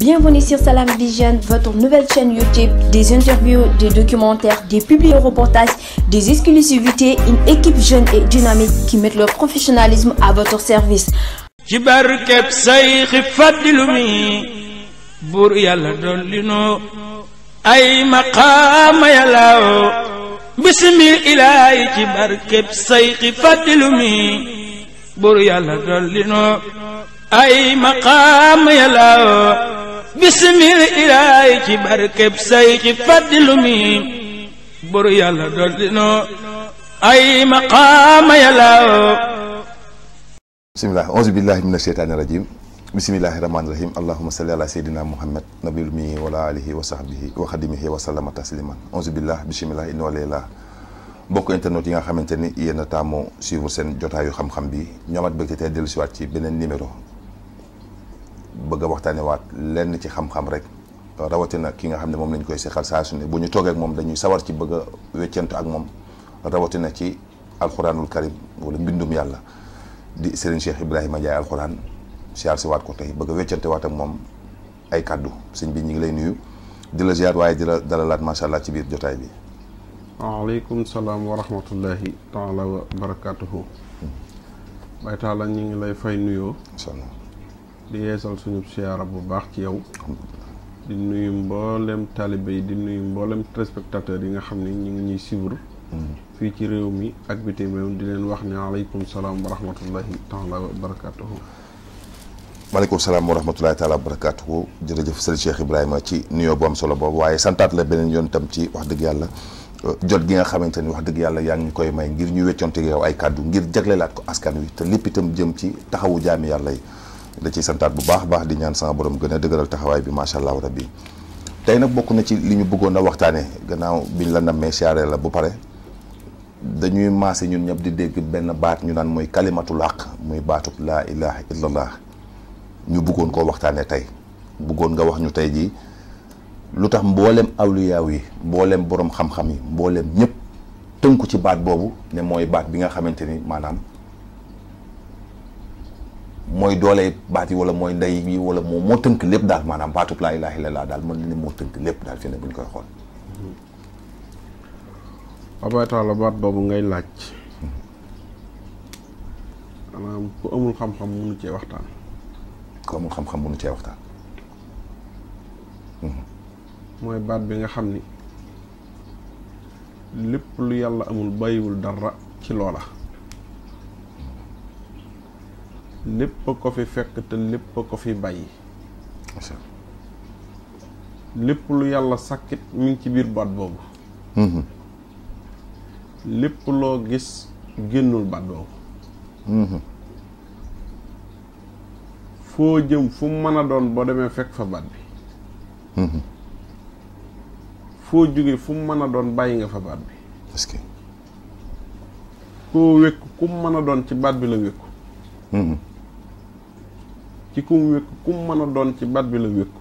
Bienvenue sur Salam Vision, votre nouvelle chaîne YouTube, des interviews, des documentaires, des publi-reportages, des exclusivités, une équipe jeune et dynamique qui met leur professionnalisme à votre service. ci barkeb sayxi fàddilu yàlla dolli noo ay maqaama yàllaaw bismi ilaahi ci barkeb bisimil ilaahi ci barkeb say ci faddilu mi boru yàlla dool dinoo ay maqaama yàllaw bisimilah auzu billahi min asheytaani rajim bisimilahi muhammad nabil wala alihi wa sahbihi wa xadimihi wa sallama tasliman auzu billah bisimilah inna walillah internet yi nga xamante ni yéen a taamu suivre seen jotaayu xam-xam bi ñoomat bëgg te tey dellusiwaat ci beneen numéro bëgg a waxtaanee waat lenn ci xam-xam rek rawatina ki nga xam ne moom lañ koy seqal saa su ne bu ñu toogee moom dañuy sawar ci bëgg a ak moom rawatina ci alxuraanul karim wala mbindum yàlla di Serigne Cheikh Ibrahima Ndiaye alxuraan siyaar si waat ko tey bëgg a weccante waat ak moom ay kàddu sëñ bi ñu ngi lay nuyu di la ziar waaye di la dalalaat macha allah ci biir jotaay bi. waaleykum salaam wa rahmatullahi taala wa barakatuhu. Hmm. baytaala ñu ngi lay fay nuyoo. di yeesal suñu siyaara bu baax ci yow di nuyu mboolem taalibe yi di nuyu mboolem téléspectateur yi nga xam ne ñu ngi ñuy suivre mm. fii ci réew mi ak bitim réew di leen wax ne aleykum salaam wa rahmatullahi taala wa barakatuhu maaleykum salaam wa rahmatullahi taala wa barakatuhu jërëjëf sëriñ Cheikh Ibrahima ci nuyoo bu solo boobu waaye santaat la beneen yoon tam ci wax dëgg yàlla euh, jot gi nga xamante ni wax dëgg yàlla yaa ngi ñu koy may ngir ñu weccoonte yow ay kàddu ngir jagleelaat ko askan wi te lépp itam jëm ci taxawu jaami yàlla yi da ciy santaat bu baax baax di ñaan sama borom gën a dëgëral taxawaay bi macha allah rabbi tey nag bokk na ci li ñu bëggoon a waxtaanee gannaaw biñ la nammee siyaare la bu pare dañuy maase ñun ñëpp di dégg benn baat ñu naan mooy kalimatul haq muy baatub laa ilaha illallah ñu bëggoon koo waxtaanee tey bëggoon nga wax ñu tey jii lu tax mboolem awliyaaw yi mboolem borom xam-xam yi mboolem ñëpp tënku ci baat boobu ne mooy baat bi nga xamante ni maanaam. mooy doole baat yi wala mooy ndey yi wala moo moo tënk lépp daal maanaam baatub laa ilaaha illallaah daal mën na ne moo tënk lépp daal fi ne bu ñu koy xool. Mm-hmm. Abaye Talla baat boobu ngay laaj. Mm-hmm. maanaam ku amul xam-xam mënu waxtaan. ku amul xam-xam mënu cee waxtaan. Mm-hmm. mooy baat bi nga xam ni lépp lu yàlla amul bàyyiwul dara ci loola. lépp a ko fi fekk te lépp a ko fi bàyyi lépp lu yàlla sàkkit mi ngi ci biir baat boobu mm-hmm. lépp loo gis génnul baat boobu mm-hmm. foo jëm fu mu mën a doon boo demee fekk fa baat bi mm-hmm. foo jóge fu mën a doon bàyyi nga fa baat bi parce que koo wékku ku mën a doon ci baat bi la wékku ci ku mu wékku ku mu doon ci baat bi la wékku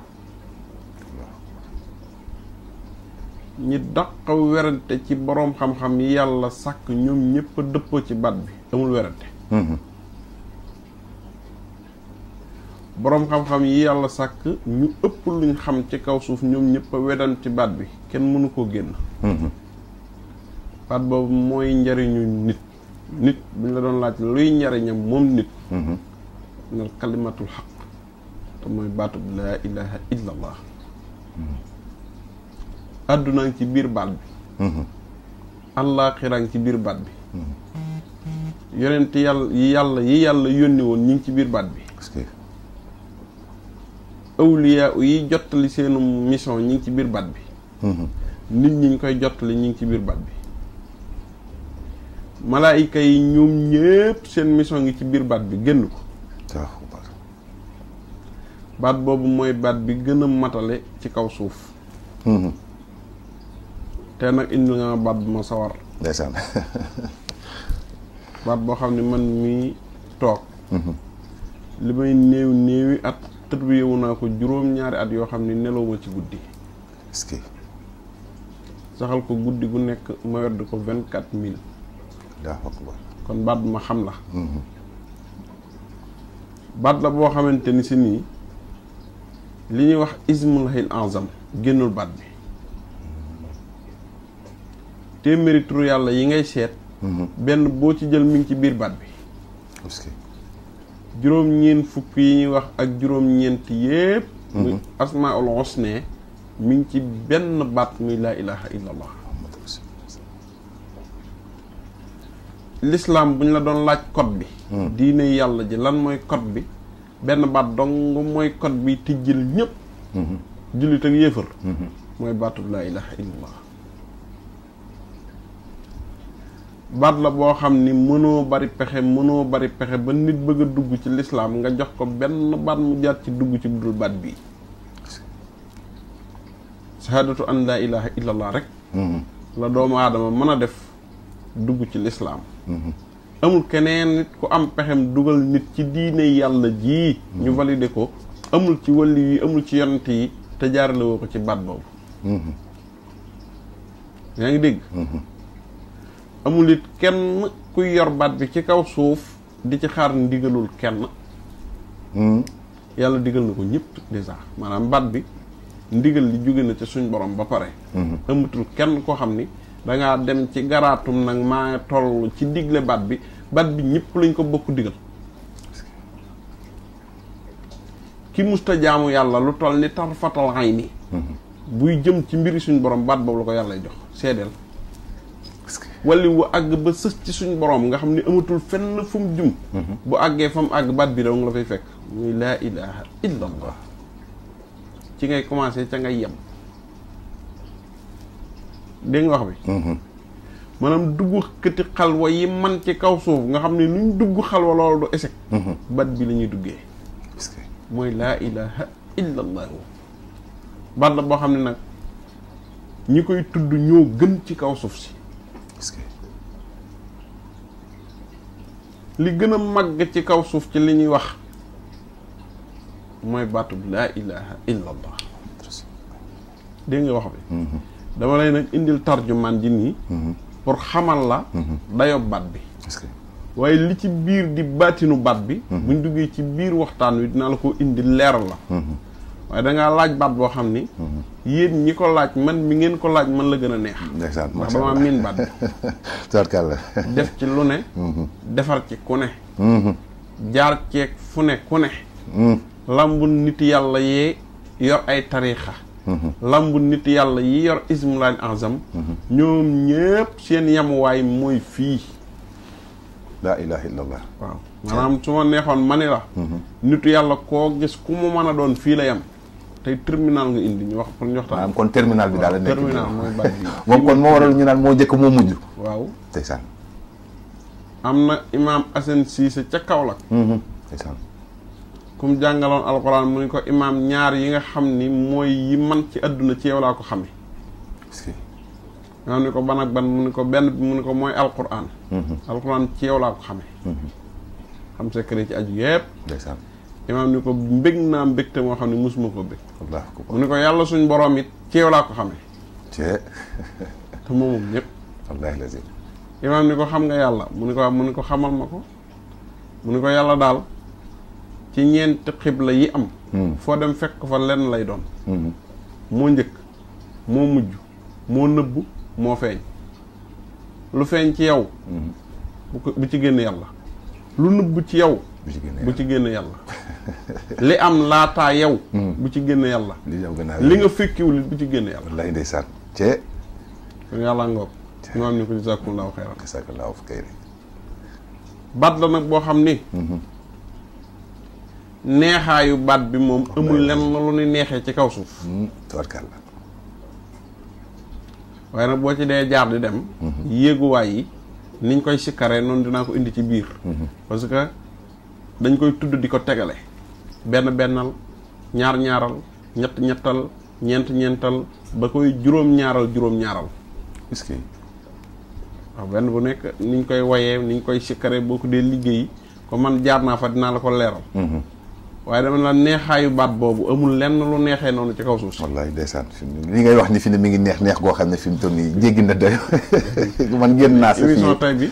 ñi daq werante ci boroom xam-xam yi yàlla sàkk ñoom ñëpp a dëppoo ci baat bi amul werante mm-hmm. boroom xam-xam yi yàlla sàkk ñu ëpp luñ xam ci kaw suuf ñoom ñëpp a ci baat bi kenn mënu koo génn mm-hmm. baat boobu mooy njariñu nit nit buñ la doon laaj luy njariñam moom nit mm-hmm. min al kalimatul xaq te mooy baatub laa ilaha illa allah ngi ci biir baat bi àllaaxiraa ngi ci biir baat bi yonent yàlla yi yàlla yi yàlla yónni woon ñu ngi ci biir baat bi awliya yi jottali seenu mission ñu ngi ci biir baat bi nit ñi ñu koy jottali ñu ngi ci biir baat bi malaayika yi ñoom ñépp seen mission ngi ci biir baat bi génn ko baat boobu mooy baat bi gën a matale ci kaw suuf mhm. te nag indi nga ma baat bu ma sawar ndeysaan baat boo xam ne man mii toog mhm. li may néew néewi at tërbiyewu naa ko juróom-ñaari at yoo xam ne nelaw ci guddi est saxal ko guddi gu nekk ma werd ko vingt quatre mille kon baat bu ma xam la mhm. baat la boo xamante ni si nii li ñuy wax ismulahil azam génnul baat bi téeméeri turu yàlla yi ngay seet mhm. benn boo ci jël mi ngi ci biir baat bi juróom-ñeent fukk yi ñuy wax ak juróom-ñeent yépp mhm. muy asmaul husna mi ngi ci benn baat muy laa ilaha illa allah bu ñu la doon laaj kot bi diine yàlla ji lan mooy kot bi benn baat dong mooy kot bi tijjil ñëpp jullit ak yéefar mooy baatub laa ilaha illallah baat la boo xam ni mënoo bari pexe mënoo bari pexe ba nit bëgg dugg ci lislaam nga jox ko benn baat mu jaar ci dugg ci budul baat bii shahadatu an laa ilaha illallah rek hmm. la doomu aadama mën a def dugg ci lislaam hmm. amul keneen nit ku am pexem dugal nit ci diine yàlla jii ñu validé ko amul ci wàlli yi amul ci yonent yi te jaarale woo ko ci baat boobu mm-hmm. yaa ngi dégg mm-hmm. amul it kenn kuy yor baat bi ci kaw suuf di ci xaar ndigalul kenn mm-hmm. yàlla digal na ko ñëpp déjà maanaam baat bi ndigal li jóge na ci suñ borom ba pare amatul kenn koo xam ni da ngaa dem ci garaatum nag maa toll ci digle bat bi bat bi ñëpp lañ ko bokk digal ki musta jaamu yàlla lu toll ni tarfatal ay ni buy jëm ci mbir suñu borom baat boobu la ko yàlla jox seedeel wali wu àgg ba sës ci suñu borom nga xam ni amatul fenn fu mu jum bu àggee fa mu àgg baat bi daw nga la fay fekk muy laa ilaha illa ci ngay commencé ca ngay yem dégg wax bi mm-hmm. maanaam dugg këti xalwa yi man ci kaw suuf nga xam ne luñ dugg xalwa loolu du échec mm-hmm. bat bi la ñuy duggee mooy laa ilaha illa allahu la boo xam ne nag ñi koy tudd ñoo gën ci kaw suuf si li gën a màgg ci kaw suuf ci li ñuy wax mooy batu laa ilaha illa allah wax bi mm-hmm. dama lay nag indil tarjumaan ji nii mhm. pour xamal la mhm. dayo baat bi waaye li ci biir di baatinu baat bi mhm. buñ duggee ci biir waxtaan wi dinaa la ko indil leeral la waaye dangaa laaj baat boo xam ni yéen ñi ko laaj man mi ngeen ko laaj man la gën a neex ndeysaan ndax damaa miin baat bi def ci lu ne defar ci ku ne jaar ceeg fu ne ku ne làmbu nit yàlla yee yor ay tariixa lamb nit yàlla yi yor ismu laal ñoom ñëpp seen yamuwaay mooy fii laa ilaha illallah waaw manaam su ma neexoon mani la nitu yàlla koo gis ku mu mën a doon fii la yem tey terminal nga indi ñu wax pour ñu waxtaan maanaam kon terminal bi daal la nekk terminal mooy moom kon moo waral ñu naan moo njëkk moo mujj waaw ndeysaan am na imaam Assane Cissé ca Kaolack mhm. ndeysaan kum jàngaloon alquran mu ne ko imaam ñaar yi nga xam ni mooy yi man ci àdduna ci laa ko xamee. nga ne ko ban ak ban mu ne ko benn bi mu ko mooy alquran. Mhm. alquran ci yow laa mhm. ci aju yëpp. ndeysaan imaam ni ko mbég naa mbégte moo xam ne mosuma ko bég. ko yàlla suñ borom it ci laa ko xamee. te moomum ñëpp. wallaahi lazim imaam ni ko xam nga yàlla mu ne ko mu ne ko xamal ma ko mu ne ko yàlla daal. ci ñeenti xibla yi am hmm. foo dem fekk fa lenn lay doon hmm. moo njëkk moo mujj moo nëbb moo feeñ lu feeñ ci yow hmm. bu ci génn yàlla lu ci yow bu ci génn yàlla li am laataa yow bu ci génn yàlla li nga fekkiwul it bu ci génn yàlla wallaay ndeysaan cee yàlla ngoog ñu am ni ko jazaakumullaahu xayran jazaakumullaahu baat la nag boo xam ni neexaayu baat bi moom amul lenn lu ñuy neexee ci kaw suuf mm, tubarkàlla waaye nag boo ci dee jaar di dem mhm. yéeguwaay yi niñ koy sikkaree noonu dinaa ko indi ci biir mhm. parce que dañ koy tudd di ko tegale benn bennal ñaar ñaaral ñett ñettal ñeent ñeental ba koy juróom ñaaral juróom ñaaral est benn bu nekk niñ koy woyee niñ koy sikkaree boo ko dee liggéey ko man jaar naa fa dinaa la ko leeral mhm. waaye dama naan neexaayu baat boobu amul lenn lu neexee noonu ci kaw suuf si. wallaay ndeysaan li ngay wax ni fi ne mi ngi neex neex goo xam ne fi mu toll jéggi na doy man génn naa. si émission bi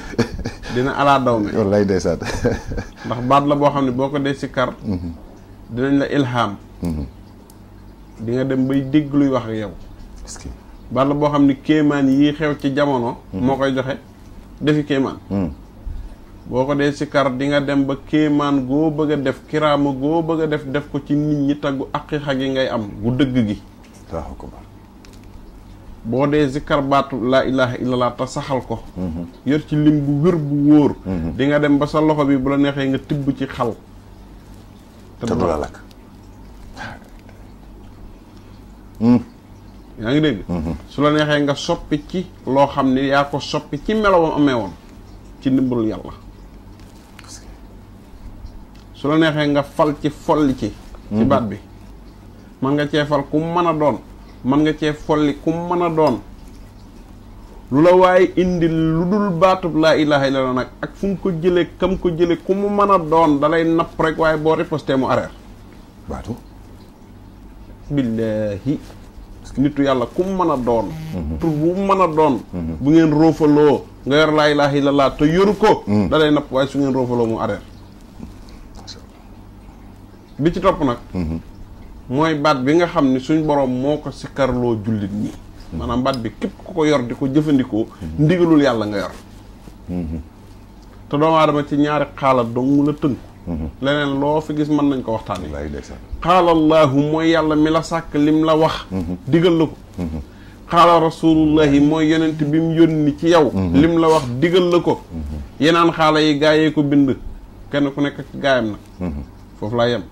dina alaa daw me. ndax baat la boo xam ne boo ko dee si kar. Mhm. dinañ la ilham. Mhm. di nga dem bay dégg luy wax ak yow. est-ce que baat la boo xam ne kéemaan yi xew ci jamono. Mhm. moo koy joxe defi kéemaan. boo ko dee sikar di nga dem ba kéemaan goo bëgg def kiraama goo bëgg a def def ko ci nit ñi taggu aqiqa gi ngay am gu dëgg gi allahu akbar boo dee zikkar baatu laa ilaha illallah te saxal ko mm-hmm. yor ci lim bu wér bu wóor mm-hmm. di dem ba sa loxo bi bu la neexee nga tibb ci xal te du la lakk hmm. mm-hmm. yaa ngi dégg su la neexee nga soppi ci loo xam ne yaa ko soppi ci melowam amee woon ci ndimbalul yàlla su la neexee nga fal ci folli ci ci mhm. baat bi man nga cee fal ku mën a doon man nga cee folli ku mën a doon lu la waaye indi lu dul baatub laa ilaha illallah nag ak fu mu ko jëlee kam ko jële ku mu mën a doon dalay napp rek waaye boo riposté mu areer baatu que nitu yàlla ku mu mën a doon mhm. tur bu mu mën a doon mhm. bu ngeen roofaloo nga yor laa ilaha illallah te yoru ko dalay napp waaye su ngeen roofaloo mu areer bi ci topp nag mhm. mooy baat bi nga xam ne suñ boroom moo ko sikkarloo jullit ñi mhm. maanaam baat bi képp ku ko yor di ko jëfandikoo ndigalul yàlla nga yor mhm. te doomu aadama ci ñaari xaala dong la tënk leneen loo fi gis mën nañ ko waxtaanee xaala allaahu mooy yàlla mi la sàkk lim la wax digal la ko xaala rasulullahi mooy yonent bi mu yónni ci yow lim la wax digal la ko yenaan xaala yi yee ko bind kenn ku nekk ci gaayam nag foofu laa yem.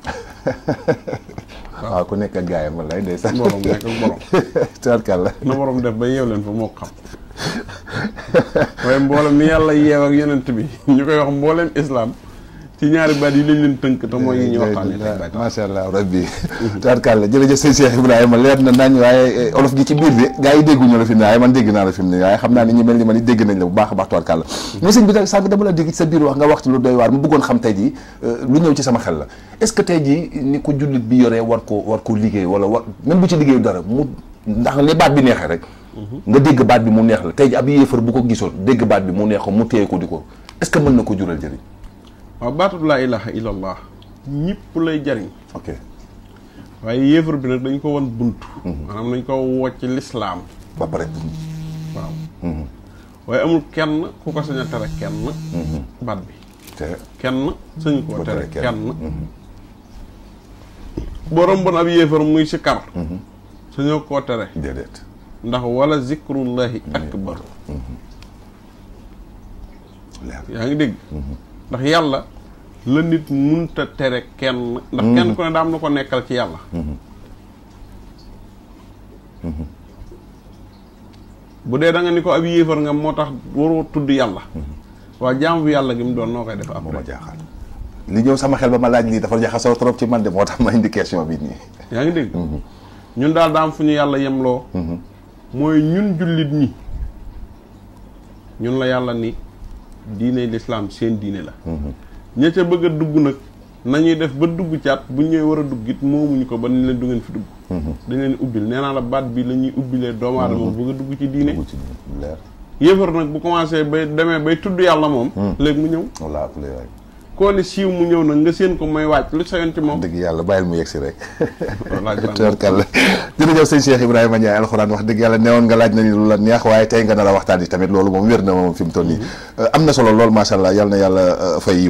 waaw ku nekk ak gaayam walaay ndeysaan. borom nekk ak borom. tubaarkàlla. na borom def ba yeew leen fa moo xam. waaye mboolem ni yàlla yeew ak yonent bi ñu koy wax mboolem islam. ci ñaari baat yi lañ leen tënk te mooy ñu waxtaanee tey macha allah rabbi tabarkàlla jërëjëf sëñ Cheikh Ibrahima leer na nañ waaye eh, olof gi ci biir bi gars la fi man dégg naa la fi mu ne waaye xam naa ne ñu mel ni man dégg nañ la bu baax a baax tabarkàlla hmm. mais sëñ bi nag sànq la dégg sa biir wax nga wax ci lu doy waar mu bëggoon xam tey jii eh, lu ñëw ci sama xel la est-ce que tey jii ni ko jullit bi yore war ko war ko liggéey wala war même bu ci liggéeyu dara mu ndax li baat bi neexee rek hmm. nga dégg baat bi mu neex la tey ji ko gisoon dégg baat bi mu neex ko mu ko di ko est ko jural jëriñ waaw baatub laa ilaha illallah ñëpp lay jariñ ok waaye yéefar bi nag dañ ko wan bunt mhm. maanaam dañ ko woo ci lislaam ba waaw mhm. waaye amul kenn ku ko sañ tere kenn mhm. baat bi kenn sañu koo tere kenn borom bon ab yéefar muy si kar sañoo koo tere ndax walla zikrullahi akbar yaa ngi dégg ndax yàlla la nit munta tere kenn ndax kenn ku ne daam na ko nekkal ci yàlla bu dee da ni ko ab yéefar nga moo tax waroo tudd yàlla waa jaam bu yàlla gi mu doon noo koy def après ma li ñëw sama xel ba ma laaj lii dafa jaxasoo trop ci man de moo tax ma indi question bi nii yaa ngi dégg mhm. ñun daal daam fu ñu yàlla yemloo mhm. mooy ñun jullit ñi ñun la yàlla nii diine lislaam seen diine la mhm. ña ca bëgg a dugg nag nañuy def ba dugg caat bu ñëwee war a dugg it moomuñu ko ba ni leen du ngeen fi dugg mhm. dañ leen ubbil nee naa la baat bi la ñuy ubbilee doomu aadama mhm. bëgg a dugg ci diine yëfar nag bu commencé bay demee bay tudd yàlla moom léegi mu ñëw koo ne siiw mu ñëw nag nga seen ko mooy wàcc lu sa yoon ci moom. dëgg yàlla bàyyil mu yegsi rek. tubarkalla jërëjëf sëñ Cheikh Ibrahima Ndiaye alxuraan wax dëgg yàlla neewoon nga laaj na ni lu la tey nga nar a waxtaan yi tamit loolu moom mm-hmm. am na solo lool macha allah yal na yàlla euh,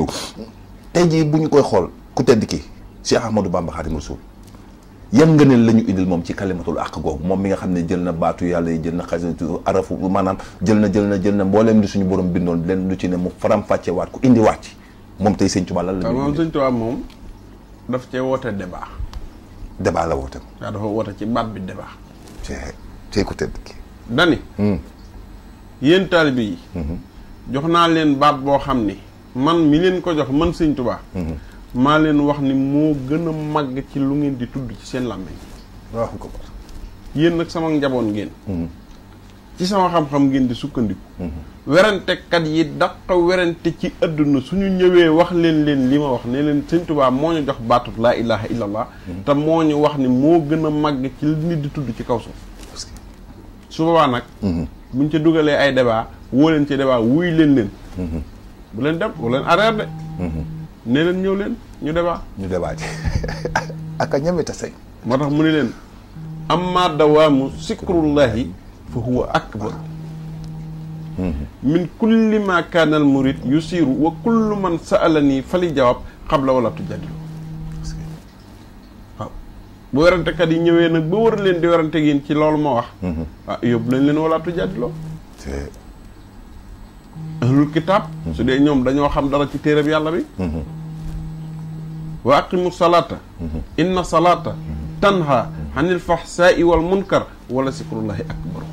tey jii bu ñu koy xool ku tedd ki Cheikh Ahmadou Bamba Xaadimu Rasuul yan nga ne la ñu indil moom ci kalimatul àq googu moom mi nga xam ne jël na baatu yàlla yi jël na xasatu arafu jël na jël na jël na mbooleem li suñu borom bindoon leen lu ci ne mu faram fàcce waat ku indi waat ci moom tey sëñ Tuubaa lan la. moom sëñ Tuubaa moom daf cee woote débat. débat la woote. waaw dafa woote ci baat bi débat. c'est c'est ku tedd ki. dani. Hmm. yéen taalibe yi. Hmm. jox naa leen baat boo xam ni. man mi leen ko jox man sëñ Tuubaa. Hmm. maa leen wax ni moo gën a mag ci lu ngeen di tudd ci seen làmmiñ. waaw ko yéen nag sama njaboot ngeen. ci sama xam-xam ngeen di sukkandiku. werantekat yi daq werante ci àdduna suñu ñëwee wax leen leen li ma wax ne leen sëñ tubaab moo ñu jox baatut laa ilaha illallah mhm. te moo ñu wax ni moo gën a màgg ci nit di tudd ci kaw suuf su boobaa nag mhm. buñ ca dugalee ay débat woo leen ci débat wuy leen leen mhm. bu leen dem bu leen arrêt de ne leen ñëw leen ñu débat ñu débat ci ak a ñeme moo tax mu ne leen amma dawaamu sikrullahi fa huwa akbar min kulli ma kaana al murid yusiru wa kullu man sa'alani fali jawab xabla wala tujadilu waaw bu werantekat yi ñëwee nag ba war leen di werante yéen ci loolu ma wax mhm. ah yóbbu lañ leen wala tujadiloo ahlul kitaab mhm. su dee ñoom dañoo xam dara ci téereb yàlla bi mhm. wa aqimu salaata inna salaata tanha anil fahsaai wal munkar wala zikrullahi akbaru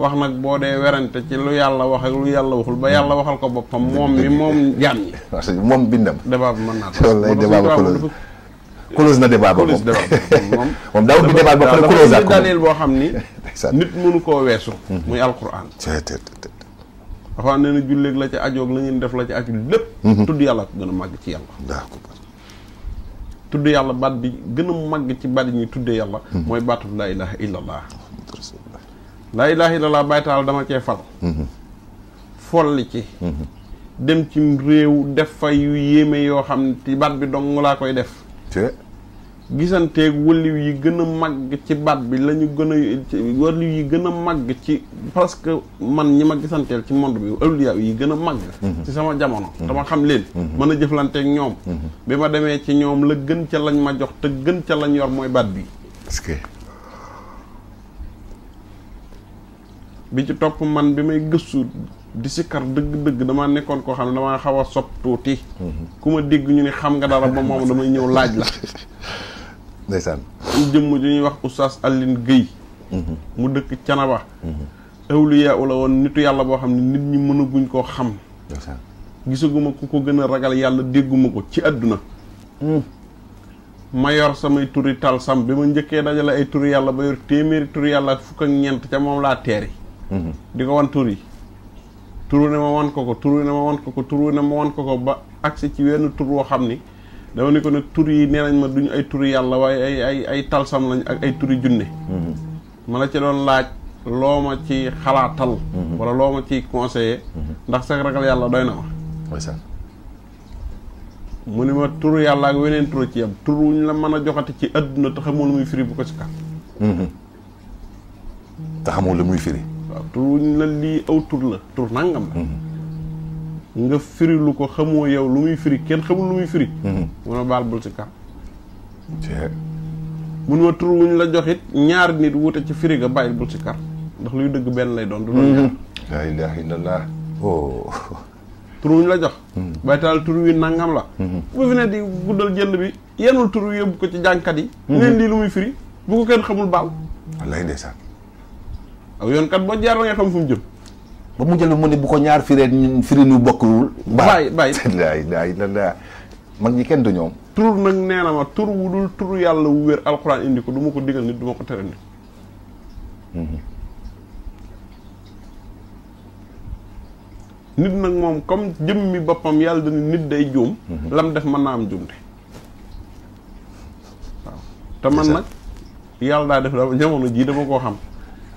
wax nag boo dee werante ci lu yàlla wax ak lu yàlla waxul ba yàlla waxal ko boppam moom mi moom jaam ñi. parce que moom bindam. débat bi mën naa tax loolu lay na débat ba moom moom daawul bi débat ba pare close boo xam ni. nit mënu koo weesu. Mm-hmm. muy alquran. dafa nee na julleeg la ci ajoog la ngeen def la ci aju lépp. Mm-hmm. tudd yàlla ko gën a màgg ci yàlla. tudd yàlla baat bi gën a màgg ci baat yi ñuy tuddee yàlla. Mm-hmm. mooy baatu laa ilaha illallah. laa ilaaha illallaah Baay Taal dama cee fal mhm. folli ci mhm. dem ci réew def fa yu yéeme yoo xam ci baat bi dong laa koy def gisanteeg wëliw yi gën a màgg ci baat bi la ñu gën a wëliw yi gën a màgg ci parce que man ñi ma gisanteel ci monde bi awliya yi gën a mag mhm. ci sama jamono dama xam leen mën a jëflanteek ñoom bi ma demee ci ñoom la gën ca lañ ma jox te gën ca lañ yor mooy baat bi bi ci topp man bi may gëstu di sikkar dëgg-dëgg damaa nekkoon koo xam ne damaa xaw a sob tuuti mhm. ku ma dégg ñu ne xam nga dara ba moom damay ñëw laaj la ndeysaan jëmm ju ñuy wax oustaz Aline Guèye mhm. mu dëkk Canaba mhm. awliya la woon nitu yàlla boo xam ne nit ñu mënaguñ koo xam gisaguma ku ko gën a ragal yàlla dégguma ko ci àdduna mm. ma yor samay turi tal sam bi ma njëkkee dajale ay turi yàlla ba yor téeméeri turi yàlla fukk ak ñeent ca moom laa teeri di ko wan turi yi turu ne ma wan ko ko turu ne ma wan ko ko turu ne ma wan ko ko ba agsi ci wenn tur woo xam ni dama ne ko ne tur yi nee nañ ma duñu ay turi yàlla waaye ay ay ay talsam lañ ak ay turi junne ma a ca doon laaj loo ma ci xalaatal wala loo ma ciy conseiller ndax sax ragal yàlla doy na ma mu ni ma tur yàlla ak weneen tur ci yam tur wuñ la mën a joxati ci adduna te xamoo lu muy firi bu ko si kat te xamoo lu muy firi waaw lii aw tur la tur nangam la mm-hmm. nga firi lu ko xamoo yow lu muy firi kenn xamul lu muy firi mun tur wuñ la joxit ñaar nit wute ci firi ga luy dëgg benn lay doon du doon mm-hmm. oh. la jox mm-hmm. baytaal tur nangam la bu fi ne di guddal jënd bi yenul tur wi yóbbu ko ci jànkat yi neen lii lu muy firi bu ko kenn xamul baal ak yoon kat boo jaar la nga xam fu jëm. ba mu jël mu ne bu ko ñaar firee ñun firi ñu bokkuwul. bàyyi bàyyi mag ñi kenn du ñoom. tur nag nee na ma tur wu dul tur yàlla wu wér alxuraan indi ko du ma ko digal nit du ma ko tere nit. Mm-hmm. nit nag moom comme jëmmi boppam yàlla dañu nit day juum. Mm-hmm. lam def man naa am juumte. waaw te man nag yàlla daa def dama jamono jii dama koo xam.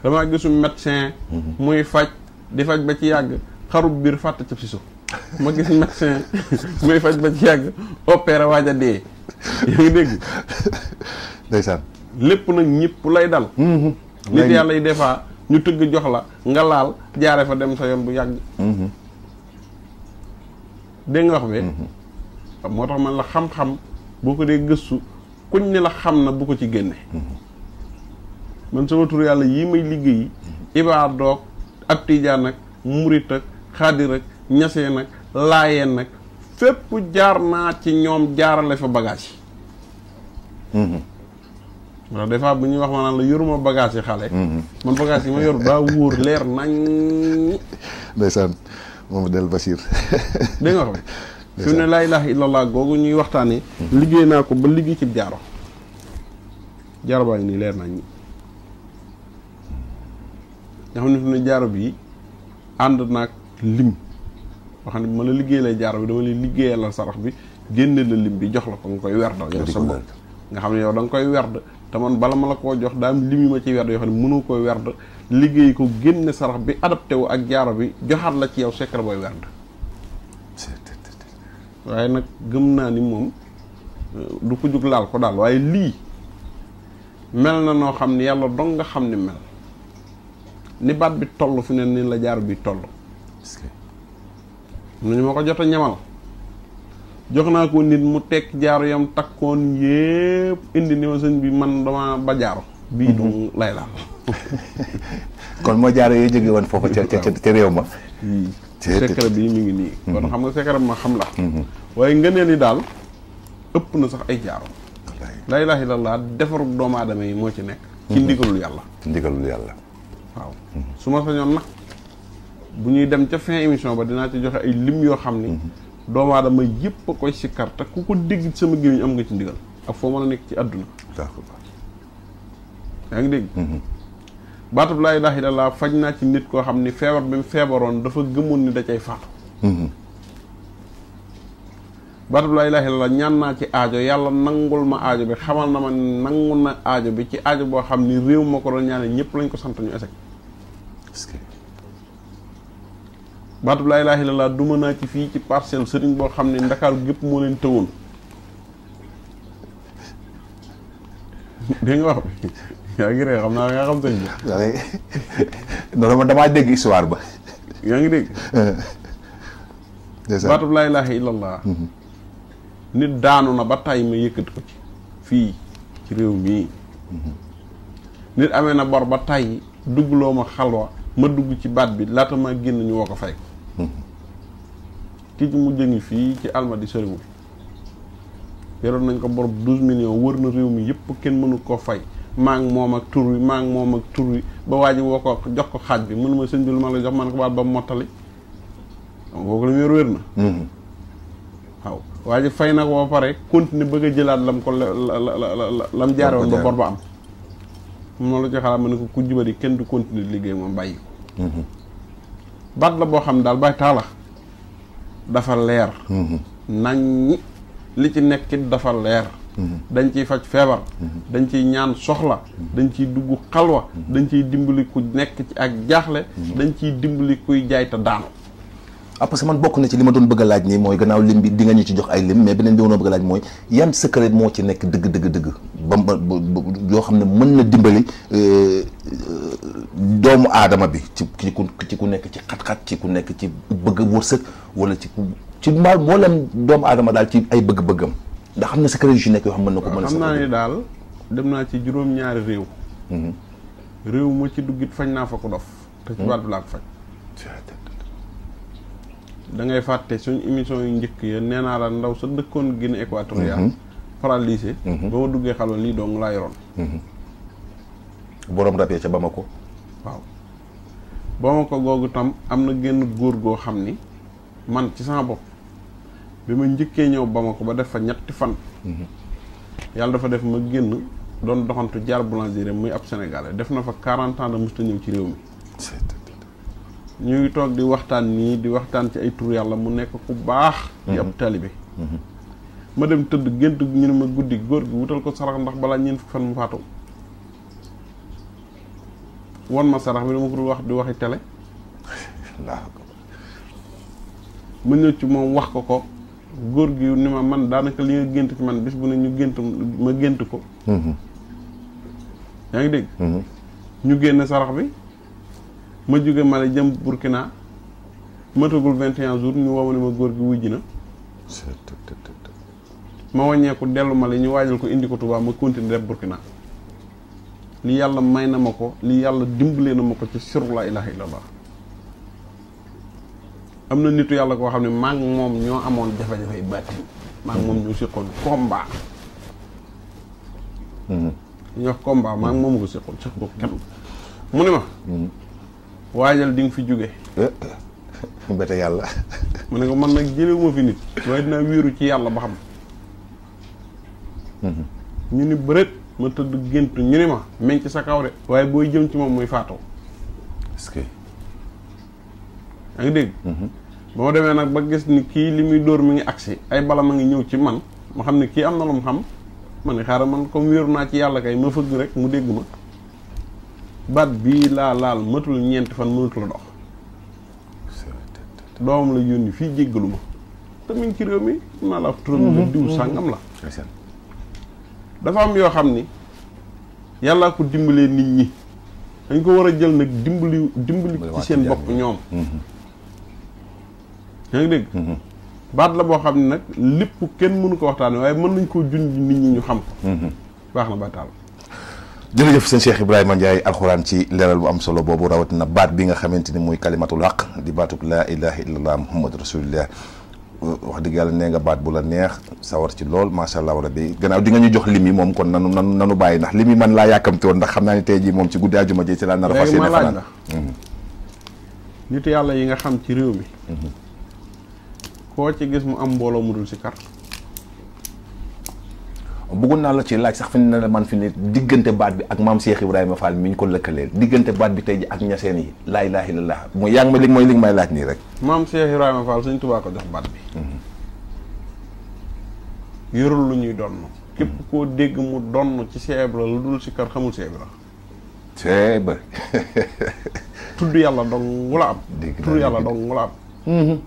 damaa gisum médecin mhm. muy faj di faj ba ci yàgg xarub biir fàtt ci siso ma gis médecin muy faj ba ci yàgg opéré waaj a dee yaa ngi dégg lépp nag ñëpp lay dal mhm. nit yàlla yi des ñu tëgg jox la nga laal jaare fa dem sa yoon bu yàgg mhm. dégg nga wax bi moo tax man la xam-xam boo ko dee gëstu kuñ ne la xam na bu ko ci génne man sama tur yàlla yii may liggéey ibaar doog ak tijaan ak murit ak xaadir ak ñaseen ak laayeen ak fépp jaar naa ci ñoom jaarale fa bagage yi mm-hmm. bu ñuy wax maanaam la yoruma bagage yi mm-hmm. man bagage yi ma yor daa wóor leer nañ ndeysaan moom del Bachir dégg nga xam ne ne laa ilaha illallah googu ñuy waxtaanee mm-hmm. liggéey naa ko ba liggéey ci jaaro jaaro baa ngi nii leer nañ nga xam ne jaaro bi ànd naag lim boo xam ne ma la liggéey lay jaaro bi dama lay liggéeyal la sarax bi génne la lim bi jox la ko nga koy werdal yow sa bopp nga xam ne yow da koy werd te man bala ma la koo jox daa am lim ci werd yoo xam ne mënoo koy werd liggéey ko génne sarax bi adapté wu ak jaaro bi joxaat la ci yow secret booy werd waaye nag gëm naa ni moom du ko jug laal ko daal waaye lii mel na noo xam ne yàlla dong nga xam ne mel ni baat bi toll fi ne ni la jaaro bi toll nu ñu ma ko jot a ñamal jox naa ko nit mu teg jaaro yam takkoon yépp indi ni ma sëñ bi man dama ba jaaru bii mhm. du lay la kon moo jaaro yooyu jóge woon foofu ca ca réew ma secret bi mu ngi nii mhm. kon xam nga secret ma xam la mhm. waaye ngëneel yi daal ëpp na sax ay jaaro laa ilaaha illallaah defarug doomu aadama yi moo ci nekk ci ndigalul yàlla ci ndigalul yàlla su ma sañoon nag bu ñuy dem ca fin émission ba dinaa ci joxe ay lim yoo xam ni doomu aadama yëpp a koy sikkar te ku ko dégg sama gémmiñ am nga ci ndigal ak foo mën a nekk ci àdduna yaa ngi dégg mhm. baatub laa ilaaha illallaah faj naa ci nit koo xam ni feebar bi mu feebaroon dafa gëmoon ni da cay faatu mhm. baatub laa ilaaha illallaah ñaan naa ci aajo yàlla nangul ma aajo bi xamal na ma nangu na aajo bi ci aajo boo xam ni réew ma ko doon ñaane ñëpp lañ ko sant ñu esek baatub laa ilaaha illallaah duma naa ci fii ci parcelle sëriñ boo xam ne ndakaaru gépp moo leen tëwoon dégg nga wax bi yaa ngi ree xam naa nga xam sëñ bi non damaa dégg histoire ba yaa ngi dégg baatub laa ilaaha mm-hmm. nit daanu na ba tay ma yëkkati ko ci fii ci réew mii mm-hmm. nit amee na bor ba tay dugguloo ma xalwa ma dugg ci baat bi laata ma génn ñu woo ko fay ko hmm. ki ci mujj ngi fii ci almadi soriwul yoroon nañ ko bor borom douze millions wër na réew mi yëpp kenn mënu koo fay maa ngi moom ak tur wi maa ngi moom ak tur wi ba waa ji woo ko jox ko xaaj bi mënuma sëñ bi lu ma la jox man ko baal ba mottali xam kooku la mu yor wér na hmm. waaw waa ji fay na ko ba pare continuer bëgg a jëlaat lam ko la la la la jaare jaaroon ba bor ba am moom la ci xalaat ma ne ko ku jubari kenn du continuer liggéey moom bàyyi ko baat la boo xam ne daal bàyyi taala dafa leer nañ li ci nekkit dafa leer dañ ciy faj feebar dañ ciy ñaan soxla dañ ciy dugg xalwa dañ ciy dimbali ku nekk ci ak jaaxle dañ ciy dimbali kuy jaay te daanu ah parce que man bokk na ci li ma doon bëgg a laaj nii mooy gannaaw lim bi di nga ñu ci jox ay lim mais beneen bi ma bëgg a laaj mooy yan secret moo ci nekk dëgg dëgg dëgg ba yoo xam ne mën na dimbali euh, euh, doomu aadama bi ci ci ku ci ku nekk ci xat-xat ci ku nekk ci bëgg wërsëg wala ci ci ma mboolem doomu aadama daal ci ay bëgg-bëggam ndax xam na secret yu ci nekk yoo xam mën na ko mën a xam naa ne daal dem naa ci juróom-ñaari réew mhm. réew ma ci duggit fañ naa fa ko dof te ci mhm. wàllu laa ko faj da ngay fàtte suñu émission yu njëkk ya nee naa la ndaw sa dëkkoon Guinée équatoriale mhm. paralysé mhm. ba ma duggee xalwa lii dong laa yoroon mhm. boroom rab ya ca Bamako waaw Bamako googu tam am na génn góor goo xam ni man ci sama bopp bi ma njëkkee ñëw ko ba def fa ñetti fan yàlla dafa def ma génn doon doxantu jaar boulangerie muy ab sénégalais def na fa quarante ans da musta ñëw ci réew mi ñu ngi toog di waxtaan nii di waxtaan ci ay tur yàlla mu nekk ku baax ci ab mhm. bi mhm. ma dem tëdd gént ñu ne ma guddi góor gi wutal ko sarax ndax balaa ñeent fukki fan mu faatu won ma sarax bi dama ko dul wax di waxi tele ma ñëw ci moom wax ko ko góor gi ni ma man daanaka li nga gént ci man bis bu ne ñu gént ma gént ko mhm. yaa ngi dégg ñu génn sarax bi ma jóge Mali jëm Burkina matagul vingt et un ñu woo ma ne ma góor gi wujji na. ma wàññeeku dellu Mali ñu waajal ko indi ko Touba ma continuer dem Burkina li yàlla may na ma ko li yàlla dimbalee na ma ko ci sirru laa ilaaha illallah am na nitu yàlla koo xam ne maa moom ñoo amoon jafe-jafe yu bàtti moom ñoo seqoon combat. Mm-hmm. ñu wax combat maa ngi moom ko seqoon seq ko kenn mu ne ma. Mm-hmm. waajal di nga fi jóge eh, eh. ba te yàlla mu ne ko man nag jëlewuma fi nit waaye dinaa wiiru ci yàlla ba xam mhm. ñu ni bërët ma tëdd gént ñu ni ma meñ ci sa kaw de waaye booy jëm ci moom muy faatoo est que yaa ngi dégg mhm. ba ma demee nag ba gis ni kii li muy dóor mu ngi agsi ay bala ma ngi ñëw ci man ma xam ne kii am na la mu xam ma ne xaaral man comme wéeru naa ci yàlla kay ma fëgg rek mu dégg ma baat bii laa laal matul ñeenti fan mënatu la dox doomam la yónni fii jéggalu ma te ci réew mi naa la wax turam la mhm. diw sàngam la mhm. dafa am yoo xam ni yàllaa ko dimbalee nit ñi dañ ko war a jël nag dimbali dimbali ci seen bopp ñoom mhm. yaa ngi dégg baat la boo xam ne nag lépp kenn mënu ko waxtaanee waaye mën nañ koo junj nit ñi ñu xam ko baax na ba jërëjëf sëñ Cheikh Ibrahima Ndiaye alxuraan ci leeral bu am solo boobu rawatina baat bi nga xamante ni muy kalimatul haq di baatub laa ilaha illallah muhammad rasulillah wax dëgg yàlla nee nga baat bu la neex sawar ci lool macha allah rabbi gannaaw di nga ñu jox lim yi moom kon nanu nanu nanu bàyyi ndax lim yi man laa yàkkamte woon ndax xam naa ne tey jii moom ci guddi àjjuma ji ci laa nar a fas yéene fanaan nitu yàlla yi nga xam ci réew mi mm-hmm. koo ci gis mu am mbooloo mu dul si kar bëggoon naa la ci laaj sax fi ne la man fi ne diggante baat bi ak maam Cheikh Ibrahima Fall mi ñu ko lëkkaleel diggante baat bi tey ji ak ñaseen yi laa ilaaha illallaah mooy yaa ngi ma li may laaj nii rek maam Cheikh Ibrahima Fall suñ tubaa ko jox baat bi mhm. yorul lu ñuy donn képp koo dégg mu donn ci Cheikh Ibra lu dul si kar xamul Cheikh tudd yàlla dong wala am tudd yàlla dong wala am mhm.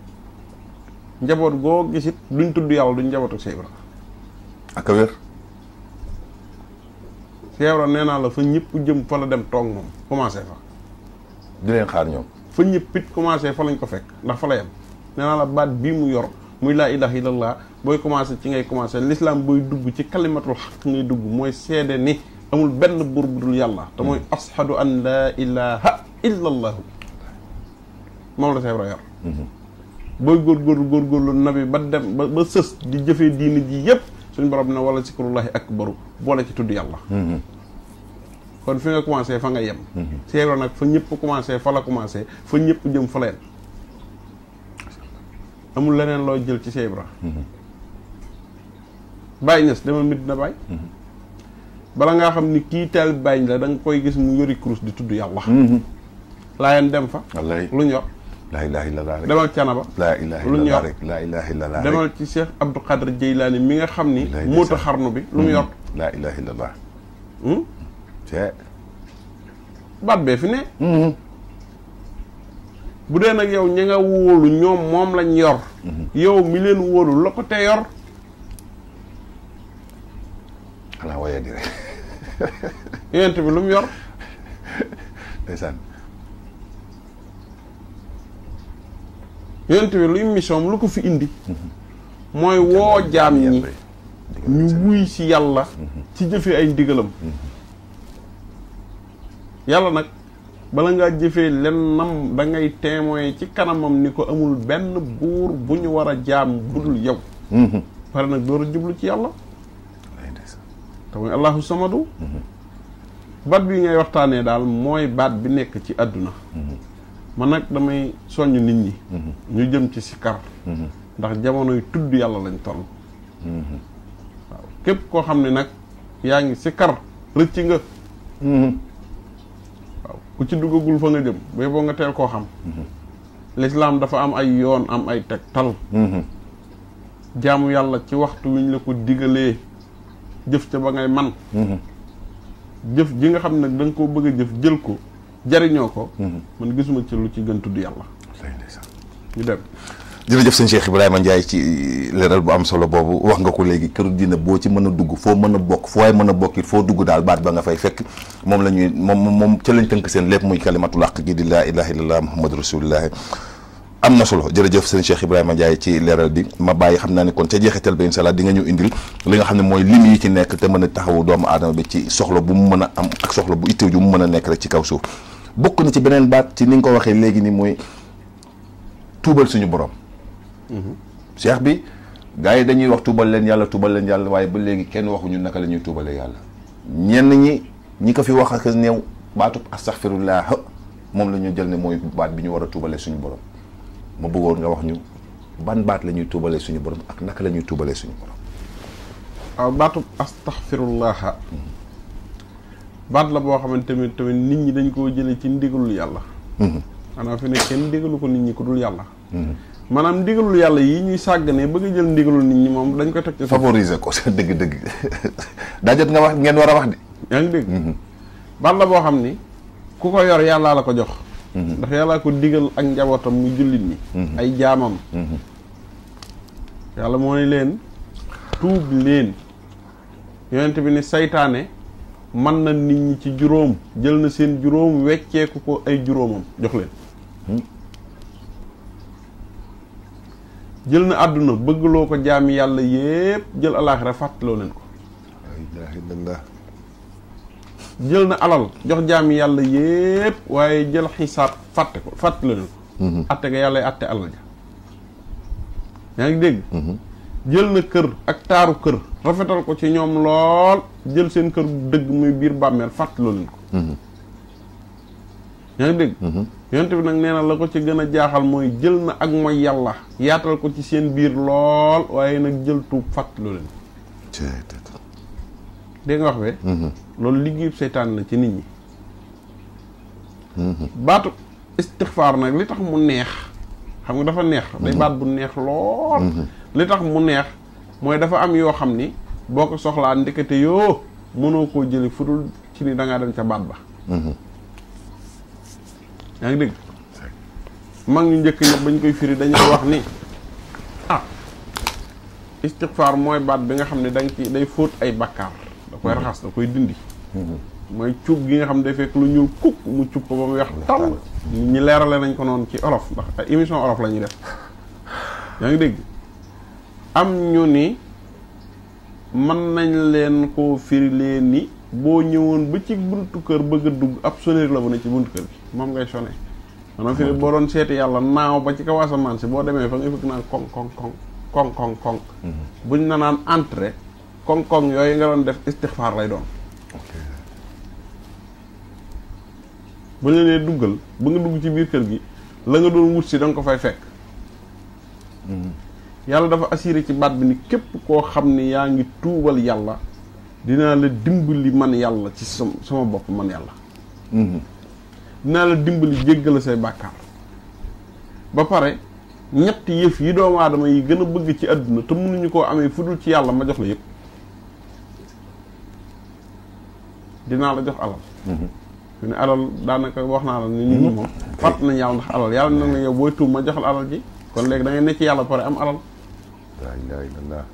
njaboot goo gisit duñ tudd yàlla duñ njabootu Cheikh ak a wér Cheikh nee naa la fa ñëpp jëm fa la dem toog moom commencé fa. di leen xaar ñoom. fa ñëpp it commencé fa lañ ko fekk ndax fa la yem nee naa la baat bii mu yor muy laa ilaha illallah booy commencé ci ngay commencé lislaam booy dugg ci kalimatul xaq ngay dugg mooy seede ni amul benn buur bu yàlla. te mooy mm. ashadu an laa ilaha illallahu moom la Cheikh Ibra yor. Mm-hmm. booy góorgóorlu góorgóorlu nabi ba dem ba sës di jëfee diini ji yëpp. suñ borom na wala zikrullahi akbaru boole ci tudd yàlla mhm. kon fi nga commencé fa nga yem mhm. seero nag fa ñëpp commencé fa la commencé fa ñëpp jëm fa la yem amul leneen loo jël ci Cheikh Ibra mhm. bàyyi ñes dama mit na bàyyi bala ngaa xam ni kii teel bàyyi la da koy gis mu yori kurus di tudd yàlla laayeen dem fa lu ñor laa ilaha illallah rek demal Canaba laa ilaha illallah rek laa ilaha illallah rek demal ci Cheikh Abdou Khadre Jeylaani mi nga xam ni moota xarnu bi lu mu yor hmm. hmm? baat bee fi ne hmm. bu dee nag yow ña nga wóolu ñoom moom lañ yor yow mi leen wóolu la ko te yor xanaa waye bi lu mu yor yonent bi luy mission lu ko fi indi mooy woo jaam ñi ñu wuy ci yàlla ci jëfe ay ndigalam yàlla nag bala ngaa jëfe lennam da ngay témoin ci kanamam ni ko amul benn buur bu ñu war a jaam budul yow pare nag door jublu ci yàlla te mooy allahu samadu baat bi ngay waxtaanee daal mooy baat bi nekk ci àdduna man nag damay soññ nit ñi. Mhm. ñu jëm ci sikar. Mhm. ndax jamonoy tudd yàlla lañ toll. Mhm. waaw képp koo xam ne nag yaa ngi sikar rëcc nga. ku ci duggagul fa nga jëm ba boo nga teel koo xam. lislaam dafa am ay yoon am ay tegtal. jaamu yàlla ci waxtu wi ñu la ko digalee jëf ca ba ngay man jëf ji nga xam ne da koo bëgg a jëf jël ko. jariñoo ko. mën mhm. gisuma ci lu ci gën tudd yàlla. ñu dem. jërëjëf sëñ Cheikh Ibrahima Ndiaye ci leeral bu am solo boobu wax nga ko léegi këru dina boo ci mën a dugg foo mën a bokk foo waay mën a bokk foo dugg daal baat ba nga fay fekk moom la ñuy moom moom ca lañ tënk seen lépp muy kalimatul haq gi di laa ilaha illallah muhammadu rasulullah am na solo jërëjëf sëñ Cheikh Ibrahima Ndiaye ci leeral bi ma bàyyi xam naa ne kon ca jeexital ba incha allah di nga ñu indil li nga xam ne mooy lim yi ci nekk te mën a taxawu doomu aadama bi ci soxla bu mu mën a am ak soxla bu itteew ju mu mën a nekk rek ci kaw suuf bokk na ci beneen baat ci ni nga ko waxee léegi ni mooy tuubal suñu borom. cheikh bi gaa yi dañuy wax tuubal leen yàlla tuubal leen yàlla waaye ba léegi kenn waxuñu naka la ñuy tuubalee yàlla. ñenn ñi ñi ko fi wax ak néew baatub astaghfirullah moom la ñu jël ne mooy baat bi ñu war a tuubalee suñu borom ma bëggoon nga wax ñu ban baat la ñuy tuubalee suñu borom ak naka la tuubalee suñu borom. baatub astaghfirullah baat la boo xam ne tamit tamit nit ñi dañ koo jëlee ci ndigalul yàlla. maanaam mhm. fi ne kenn ndigalu ko nit ñi ku dul yàlla. Mhm. maanaam ndigalul yàlla yi ñuy sàgganee bëgg jël ndigalul nit ñi moom dañ koy teg ci. favoriser ko dëgg-dëgg daa jot nga wax ngeen war a wax de. yaa dégg. Mhm. baat la boo xam ni ku ko yor yàlla la ko jox. ndax yàllaa ko digal ak njabootam mu jullit ñi. ay jaamam. yàlla mooy leen tuub leen yonent bi ne saytaane. man na nit ñi ci juróom jël na seen juróom wecceeku ko ay juróomam jox leen hmm. jël na àdduna bëggloo ko jaami yàlla yépp jël alaaxira fàttaloo leen ko jël na alal jox jaami yàlla yépp waaye jël xisaab fàtte ko fàttaloo leen ko hmm. atte ga yàlla atte alal ja yaa ngi dégg hmm. jël na kër ak taaru kër rafetal ko ci ñoom lool jël seen kër dëgg muy biir bàmmeel fàttaloo leen ko mhm. yaa dégg mhm. yonent bi nag nee na la ko ci gën a jaaxal mooy jël na ak mooy yàlla yaatal ko ci seen biir lool waaye nag jël tuub fàttaloo leen dégg nga wax be mhm. loolu liggéeyub seytaan la ci nit ñi baatu istixfaar nag li tax mu neex xam nga dafa neex day baat bu neex lool li tax mu neex mooy dafa am yoo xam ni boo ko soxlaa ndekete yoo mënoo koo jële fudul ci nii dangaa dem ca baat ba mhm. yaa ngi dégg mag ñu njëkk ñëpp bañ koy firi dañuy wax ni ah istighfar mooy baat bi nga xam ne dañ nga ci day fóot ay bakkaar da koy raxas da koy dindi mhm. mooy cuub gi nga xam day fekk lu ñuul kukk mu cuub ko ba mu weex tal ñi leerale nañ ko noonu ci olof ndax ay émission olof la ñuy def yaa ngi dégg am ñu ni mën nañ leen ko firi ni boo ñëwoon ba ci buntu kër bëgg a dugg ab sonnerie la bu ne ci buntu kër bi moom ngay sonné maanaam firi boo doon seeti yàlla naaw ba ci kaw asamaan si boo demee fa ngay fëgg naan koŋ koŋ koŋ koŋ mhm. buñ na naan entrée koŋ koŋ yooyu nga doon def istixfaar lay doon ba ñu leen duggal ba nga dugg ci biir kër gi la nga doon wut si da ko fay fekk mhm. yàlla dafa assuré ci baat bi ni képp koo xam ne yaa ngi tuubal yàlla dinaa la li man yàlla ci sama sama bopp man yàlla mm-hmm. dinaa la dimbali jéggala say bàkkaar ba pare ñetti yëf yi doomu aadama yi gën a bëgg ci àdduna te mënuñu koo amee fu dul ci yàlla ma jox la yëpp dinaa la jox alal ñu mm-hmm. ne alal daanaka wax naa la ne nit ñi moom mm-hmm. fàtt nañ yàlla ndax alal yàlla na ne yow booy tuub ma jox la alal ji kon léegi da ngay nekk ci yàlla pare am alal la ilaha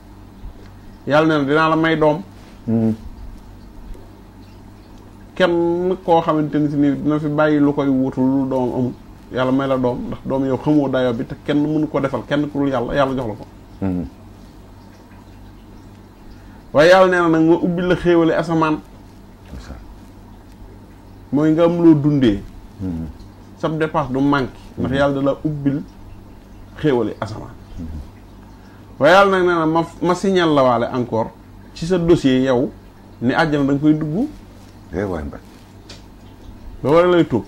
yàlla ne dinaa la may doom hmm. kenn koo xamante ni si ni dina fi bàyyi lu koy wutul lu doom amul yàlla may la doom ndax doom yow xamoo dayo bi te kenn mënu ko defal kenn ku dul yàlla yàlla jox la ko hmm. waaye yàlla nee na nag ma ubbi la xéewale asamaan mooy nga am loo dundee hmm. sab dépasse du manqué ndax yàlla da la ubbil xéewale asamaan waaye yàlla nag nee na ma ma signal la waale encore ci sa dossier yow ni àjjana da koy dugg eh, waay ba ba war lay tuub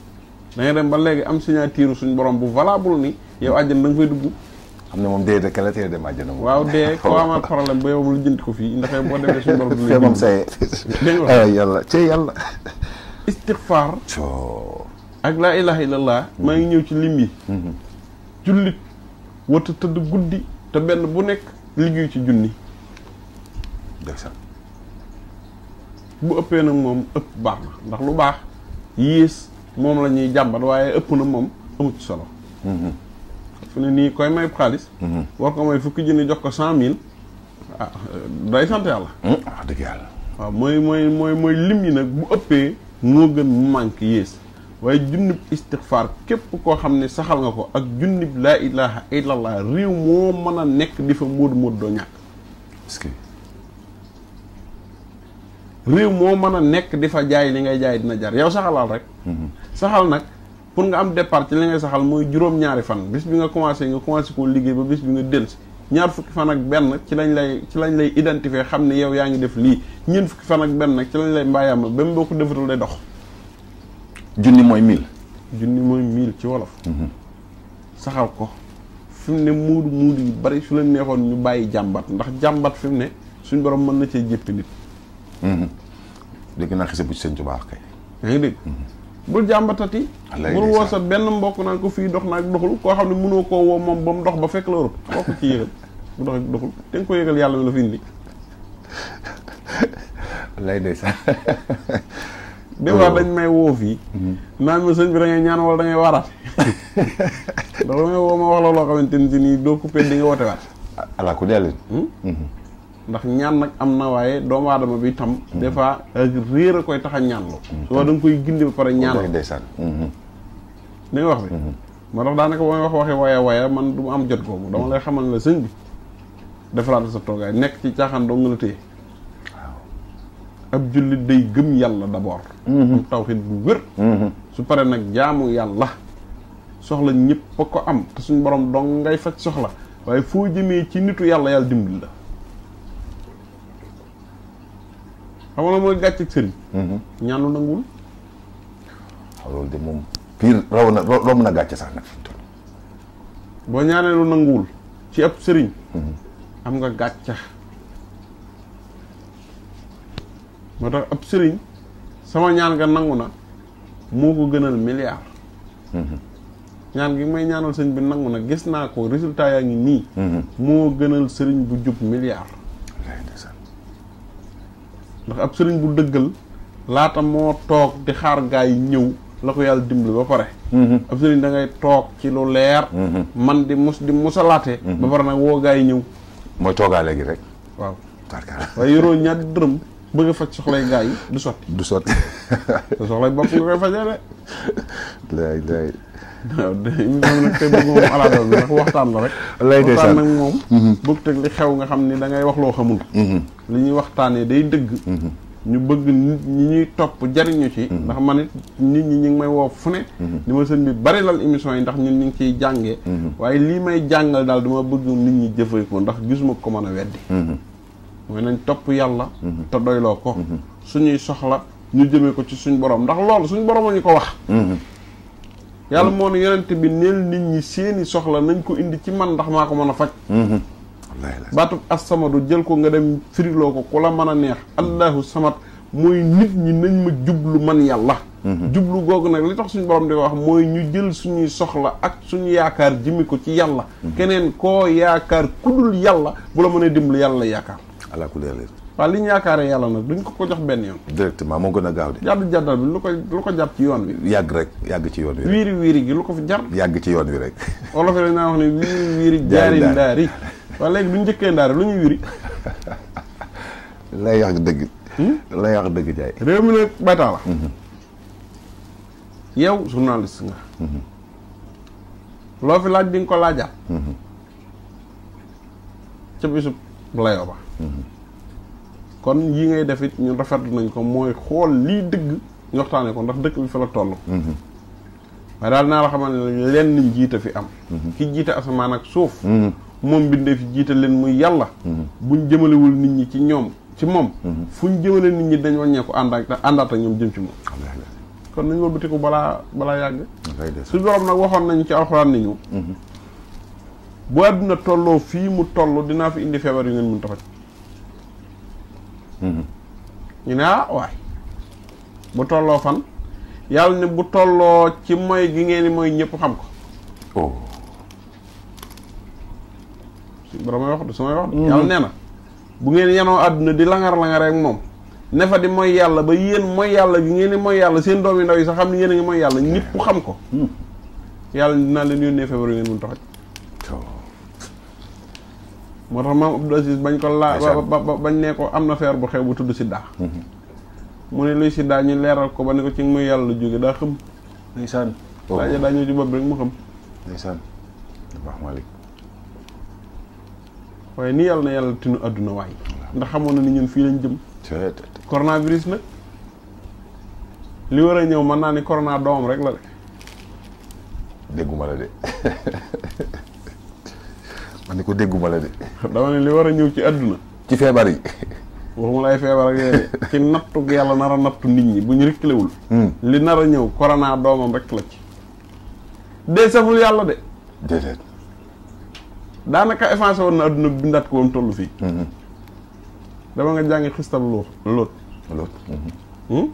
da dem ba léegi am signature suñ borom bu valable ni yow àjjana da koy dugg xam ne moom dee de kala tee dem àjjana waaw dee koo amaat problème ba yow lu jënd ko fii ndax boo demee suñ borom du moom say yàlla ci yàlla istighfar ak laa ilaha illallah maa ngi ñëw ci lim mm-hmm. jullit wata tëdd guddi te benn bu nekk liggéey ci junni ndeysaan bu ëppee nag moom ëpp baax na ndax lu baax yées moom la ñuy jàmbat waaye ëpp na moom amut solo mm-hmm. fu ne nii koy may xaalis mm-hmm. war ko may fukki junni jox ko cent mille ah day sant yàlla mm, wax yàlla waaw mooy mooy mooy mooy lim yi nag bu ëppee moo gën mu manque yées waaye junnib istixfaar képp koo xam ne saxal nga ko ak junnib laa ilaha illallah réew moo mën a nekk di fa móodu móodu doo ñàkk réew moo mën a nekk di fa jaay li ngay jaay dina jar yow saxalal rek mhm. saxal nag pour nga am départ ci li ngay saxal mooy juróom-ñaari fan bis bi nga commencé nga commencé koo liggéey ba bis bi nga delsi ñaar fukki fan ak benn ci lañ lay ci lañ lay identifier xam ne yow yaa ngi def lii ñeent fukki fan ak benn nag ci lañ lay mbaayaama ba mu boo day dox junni mooy mil. junni mooy mil ci wolof. Mhm. saxal ko fi mu ne muudu muudu yu bari su la neexoon ñu bàyyi jàmbat ndax jàmbat fi mu ne suñ borom mën na cee jéppi nit. Mhm. dégg naa xise bu ci sëñ Tuubaa kay. yaa ngi dégg. Mhm. bul jàmbatati. allayhi bul woo sa benn mbokk naan ko fii dox naag doxul koo xam ne mënoo koo woo moom ba mu dox ba fekk la Europe koo ko ci yëgal mu dox ak doxul te nga ko yëgal yàlla mi la fi indi. lay ndeysaan des fois dañ oh. may woo fii. Mhm. naan ma sëñ bi da ngay ñaan wala da waaraat ndax da ngay woo wax la xamante nii doo coupé di nga waat. ala ku dellu. Hmm? Mhm. ndax ñaan nag am na waaye doomu aadama bi tam. Mhm. des fois réer a koy tax a ñaanlu. soo da nga koy gindi ba pare ñaanal. ndeysaan. li nga wax bi. moo tax daanaka boo may wax waxee waya waya man du mu am jot googu dama lay xamal ne sëñ bi defaraat sa toogaay nekk ci caaxaan doo nga la téye. ab jullit day gëm yàlla d'abord. am mhm. tawxiid bu wér. Mhm. su pare nag jaamu yàlla soxla ñëpp a ko am te suñu borom dong ngay faj soxla waaye foo jëmee ci nitu yàlla yàlla dimbali la. xam nga mooy gàcceeg sëriñ. Mhm. ñaan lu nanguwul. Ah, raw na romb na sax nag fi mu boo ñaanee lu nanguwul ci ab sëriñ. am nga gàcce. moo tax ab sëriñ sama ñaan nga nangu na moo ko gënal milliard mhm. ñaan gi may ñaanal sëriñ bi nangu na gis naa ko résultat yaa ngi nii mhm. moo gënal sëriñ bu jub milliard ndax ab sëriñ bu dëggal laata moo toog di xaar gaa yi ñëw la ko yàlla dimbali ba pare mhm. ab sëriñ da ngay toog ci lu leer man di mus di musalaate ba pare nag woo gaa yi ñëw mooy toogaale gi rek waaw waaye yoroo ñaari dërëm bëgg a faj soxlay gaa yi du sotti. du sotti. te soxlay bopp nga koy fajee de. lay lay. waaw dañuy ñëw nag bëgg moom alaadal bi ndax waxtaan la rek. lay de waxtaan nag moom. Mm-hmm. bëgg teg li xew nga xam ni da ngay wax loo xamul. Mm-hmm. li ñuy waxtaanee day dëgg. Mm-hmm. ñu bëgg nit ñuy topp jariñu ci. ndax man it nit ñi ñu ngi may woo fu ne. li ma sën bi bari lal émission yi ndax ñu ñu ngi ciy jàngee. waaye lii may jàngal daal dama bëgg nit ñi jëfee ko ndax gisuma ko mën a weddi. mooy nañ topp yàlla mhm. te doyloo ko mhm. suñuy soxla ñu jëmee ko ci suñ borom ndax lool suñu borom a ñu ko wax mhm. yàlla moo ne yonent bi neel nit ñi seeni soxla nañ ko indi ci man ndax maa ko mën a faj baatub assamadu jël ko nga dem firiloo ko ku la mën a neex allahu samad mooy nit ñi nañ ma jublu man yàlla jublu googu nag li tax suñu borom di wax mooy ñu jël suñuy soxla ak suñu yaakaar jëmi ko ci yàlla keneen koo yaakaar kudul yàlla bu la mënee dimbali yàlla yaakaar allah kulli leen. li ñu yaakaaree yàlla nag duñ ko ko jox benn yoon. directement moo gën a gaaw de. jàdd jàddal bi lu ko lu ko jàpp ci yoon bi. yàgg rek yàgg ci yoon wi. wiiri wiiri gi lu ko fi jar. yàgg ci yoon wi rek. yi naa wax ne wiiri wiiri. bu njëkkee ndaari lu ñu wiiri. lay wax dëgg. Hmm? lay wax dëgg jaay. réew mi nag bataa la. Mhm. yow journaliste nga. Mhm. loo fi laaj di ko laajaat. Mhm. ca bisub layoo ba. kon yi ngay def it ñun rafetlu nañ ko mooy xool lii dëgg ñu waxtaanee ko ndax dëkk bi fa la toll. waaye daal naa la xamal ne lenn jiite fi am. ki jiite asamaan ak suuf. moom bindee fi jiite leen muy yàlla. buñ jëmalewul nit ñi ci ñoom ci moom. fuñ jëmale nit ñi dañ wàññeeku ànd ak àndaat ñoom jëm ci moom. kon nañ wëlbatiku balaa balaa yàgg. suñu borom nag waxoon nañu ci alxuraan ni ñu. bu àdduna tolloo fii mu toll dinaa fi indi feebar yu ngeen mun tafaj ñu ne ah waay bu tolloo fan yàlla ne bu tolloo ci moy gi ngeen ni mooy ñëpp xam ko oh su boromay wax du samay wax mm-hmm. yàlla nee na bu ngeen yanoo àdduna di langar-langar ak moom ne fa di mooy yàlla ba yéen mooy yàlla gi ngeen ni mooy yàlla seen doom yi ndaw yi sax xam ne yéen a ngi mooy yàlla ñëpp xam ko mm-hmm. yàlla dinaa leen yónnee feebar yi ngeen mën taxaj moo tax maam Abdou bañ ko laa bañ nee ko am na feer bu xew bu tudd Sida. Mhm. mu ne luy Sida ñu leeral ko ba ne ko ci muy yàlla jóge daa xam. ndeysaan. laaja daa ñëw ci bopp rek mu xam. ndeysaan. wax Malick. waaye ni yàlla na yàlla tinu àdduna waay. ndax xamoon na ni ñun fii lañ jëm. coronavirus nag. li war a ñëw mën naa ni corona doomam rek la de. dégguma la de. ma ni ko dégguma la de. dama ne li war a ñëw ci àdduna. ci feebar yi. waxuma lay feebar ak yooyu ci nattu yàlla nara a nattu nit ñi bu ñu rikkiléwul hmm. li nar a ñëw korona doomam rek la ci. dee saful yàlla de. déedéet. daanaka effacé woon na adduna bindaat ko woon tollu fii. Hmm. dama nga jàngi xistab lóot. lóot. Hmm.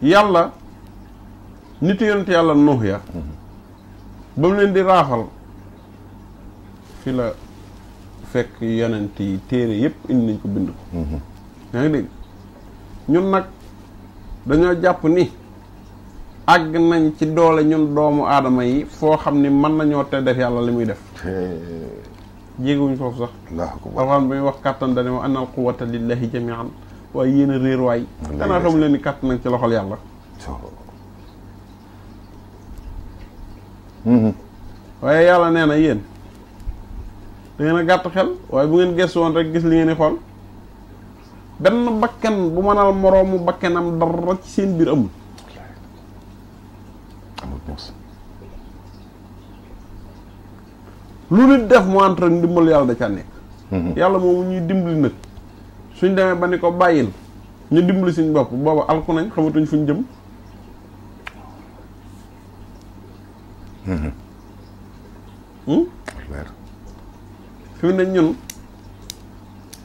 yàlla. nitu yonent yàlla nuux ya. ba mu leen di raafal. fi la fekk yonent yi téere yëpp indi nañ ko bind ko mhm. yaa dégg ñun nag dañoo jàpp ni àgg nañ ci doole ñun doomu aadama yi foo xam ni mën nañoo te def yàlla li muy def jéeguñ foofu sax alxuraan bi muy wax kàttan dane wa annal quwwata lillahi jamian waaye yéen a réer waay xanaa xamu leen ni kàttan nag ci loxol yàlla mhm. waaye yàlla nee na yéen da ngeen a gàtt xel waaye bu ngeen gëstu woon rek gis li ngeen di xool benn bakkan bu mënal moroomu bakkanam dara ci seen biir amul amul poos lu nit def mu entre ndimbal yàlla da ca nekk mhm. yàlla moomu ñuy dimbali nag suñ demee ba ni ko bàyyil ñu dimbali suñ bopp booba alku xamatuñ fuñ jëm mhm. hmm? fi mu ne ñun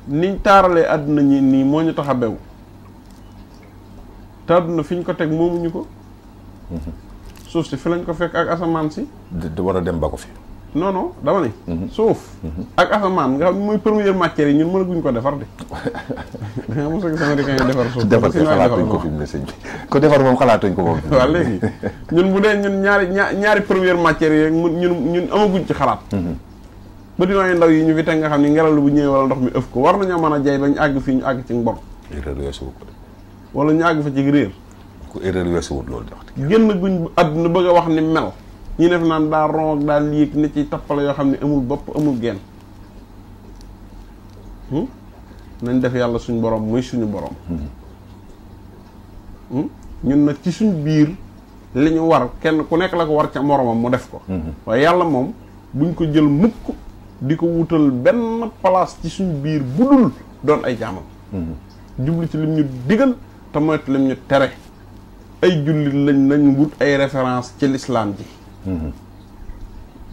niñ taaralee àdduna ñi nii moo ñu tax a bew te àdduna fi ñu ko teg moomuñu ko mhm. suuf si fi lañ ko fekk ak asamaan si di war a dem ba ko fi noonu non dama ne mhm. suuf mhm. ak asamaan nga xam ne mooy première matière yi ñun mën a guñ ko defar de da nga mos a gis américain yi defar suuf defar ko mu ne sëñ ko defar moom xalaatuñ ko moom waaw léegi ñun bu dee ñun ñaari ñaari première matière yi rek ñun ñun amaguñ ci xalaat bëtinoo yu ndaw yi ñu fi teg nga xam ni ngelaw li bu ñëwee wala ndox mi ëf ko war nañoo mën a jay ba ñu àgg fii ñu àgg ci mbon erreur weesuwul ko wala ñu àgg fa ci réer ku erreur weesuwul loolu dax génn guñ àdduna bëgg a wax ni mel ñi def naan daa ron ak daa liig ne ci tappale yoo xam ne amul bopp amul genn hmm? nañ def yàlla suñu boroom muy suñu borom hmm. Hmm? ñun nag ci suñ biir li ñu war kenn ku nekk la ko war ca moromam mu def ko waaye yàlla moom buñ ko jël mukk di ko wutal benn palaas ci suñu biir bu dul doon ay jaamam mhm. jublu ci lim ñu digal te moytu lim ñu tere ay jullit lañ nañu wut ay référence ci lislaam ji mhm.